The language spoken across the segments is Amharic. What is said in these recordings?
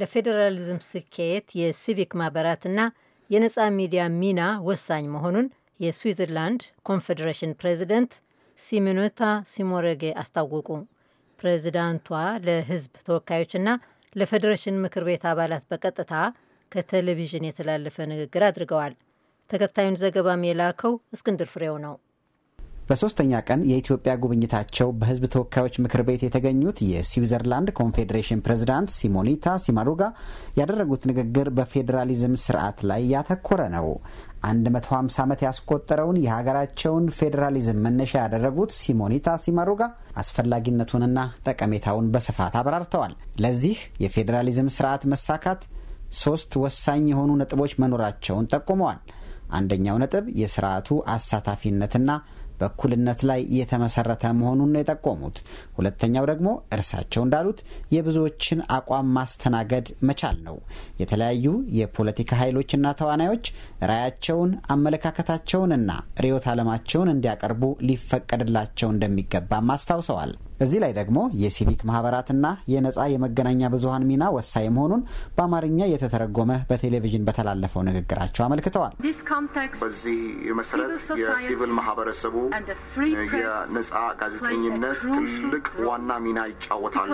ለፌዴራሊዝም ስኬት የሲቪክ ማህበራትና የነፃ ሚዲያ ሚና ወሳኝ መሆኑን የስዊዘርላንድ ኮንፌዴሬሽን ፕሬዚደንት ሲሚኖታ ሲሞረጌ አስታወቁ። ፕሬዚዳንቷ ለህዝብ ተወካዮችና ለፌዴሬሽን ምክር ቤት አባላት በቀጥታ ከቴሌቪዥን የተላለፈ ንግግር አድርገዋል። ተከታዩን ዘገባም የላከው እስክንድር ፍሬው ነው። በሶስተኛ ቀን የኢትዮጵያ ጉብኝታቸው በህዝብ ተወካዮች ምክር ቤት የተገኙት የስዊዘርላንድ ኮንፌዴሬሽን ፕሬዝዳንት ሲሞኒታ ሲማሩጋ ያደረጉት ንግግር በፌዴራሊዝም ስርዓት ላይ ያተኮረ ነው። 150 ዓመት ያስቆጠረውን የሀገራቸውን ፌዴራሊዝም መነሻ ያደረጉት ሲሞኒታ ሲማሩጋ አስፈላጊነቱንና ጠቀሜታውን በስፋት አብራርተዋል። ለዚህ የፌዴራሊዝም ስርዓት መሳካት ሶስት ወሳኝ የሆኑ ነጥቦች መኖራቸውን ጠቁመዋል። አንደኛው ነጥብ የስርዓቱ አሳታፊነትና በእኩልነት ላይ የተመሰረተ መሆኑን ነው የጠቆሙት። ሁለተኛው ደግሞ እርሳቸው እንዳሉት የብዙዎችን አቋም ማስተናገድ መቻል ነው። የተለያዩ የፖለቲካ ኃይሎችና ተዋናዮች ራያቸውን አመለካከታቸውንና ርዕዮተ ዓለማቸውን እንዲያቀርቡ ሊፈቀድላቸው እንደሚገባም አስታውሰዋል። እዚህ ላይ ደግሞ የሲቪክ ማህበራትና የነጻ የመገናኛ ብዙሀን ሚና ወሳኝ መሆኑን በአማርኛ የተተረጎመ በቴሌቪዥን በተላለፈው ንግግራቸው አመልክተዋል። በዚህ መሰረት የሲቪል ማህበረሰቡ የነጻ ጋዜጠኝነት ትልቅ ዋና ሚና ይጫወታሉ።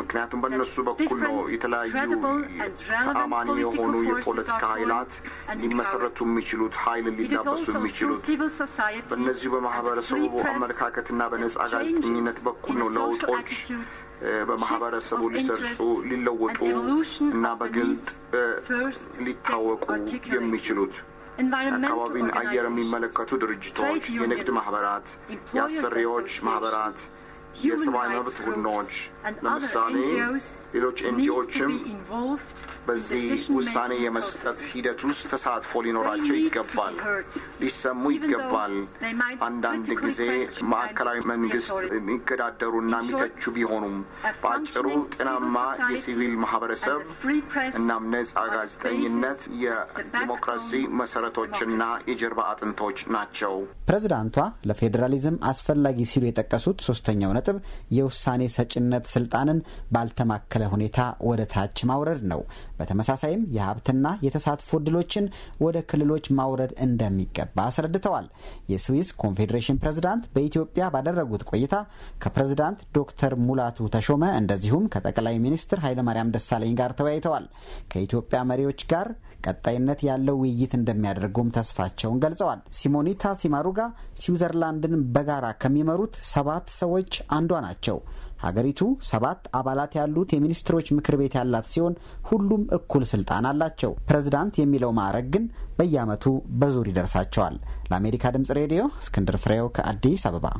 ምክንያቱም በእነሱ በኩል ነው የተለያዩ ተአማኒ የሆኑ የፖለቲካ ኃይላት ሊመሰረቱ የሚችሉት ኃይል ሊዳበሱ የሚችሉት በእነዚሁ በማህበረሰቡ አመለካከትና በነጻ ጋዜጠኝ በአምባገነኝነት በኩል ነው ለውጦች በማህበረሰቡ ሊሰርጹ ሊለወጡ እና በግልጥ ሊታወቁ የሚችሉት። አካባቢን አየር የሚመለከቱ ድርጅቶች፣ የንግድ ማህበራት፣ የአሰሪዎች ማህበራት የሰብአዊ መብት ቡድኖች ለምሳሌ ሌሎች ኤንጂዎችም በዚህ ውሳኔ የመስጠት ሂደት ውስጥ ተሳትፎ ሊኖራቸው ይገባል፣ ሊሰሙ ይገባል። አንዳንድ ጊዜ ማዕከላዊ መንግስት የሚገዳደሩና የሚተቹ ቢሆኑም በአጭሩ ጤናማ የሲቪል ማህበረሰብ እናም ነጻ ጋዜጠኝነት የዲሞክራሲ መሰረቶችና የጀርባ አጥንቶች ናቸው። ፕሬዚዳንቷ ለፌዴራሊዝም አስፈላጊ ሲሉ የጠቀሱት ሶስተኛው ነጥብ የውሳኔ ሰጭነት ስልጣንን ባልተማከለ ሁኔታ ወደ ታች ማውረድ ነው። በተመሳሳይም የሀብትና የተሳትፎ እድሎችን ወደ ክልሎች ማውረድ እንደሚገባ አስረድተዋል። የስዊስ ኮንፌዴሬሽን ፕሬዝዳንት በኢትዮጵያ ባደረጉት ቆይታ ከፕሬዝዳንት ዶክተር ሙላቱ ተሾመ እንደዚሁም ከጠቅላይ ሚኒስትር ኃይለማርያም ደሳለኝ ጋር ተወያይተዋል። ከኢትዮጵያ መሪዎች ጋር ቀጣይነት ያለው ውይይት እንደሚያደርጉም ተስፋቸውን ገልጸዋል። ሲሞኒታ ሲማሩጋ ስዊዘርላንድን በጋራ ከሚመሩት ሰባት ሰዎች አንዷ ናቸው። ሀገሪቱ ሰባት አባላት ያሉት የሚኒስትሮች ምክር ቤት ያላት ሲሆን ሁሉም እኩል ስልጣን አላቸው። ፕሬዝዳንት የሚለው ማዕረግ ግን በየዓመቱ በዙር ይደርሳቸዋል። ለአሜሪካ ድምጽ ሬዲዮ እስክንድር ፍሬው ከአዲስ አበባ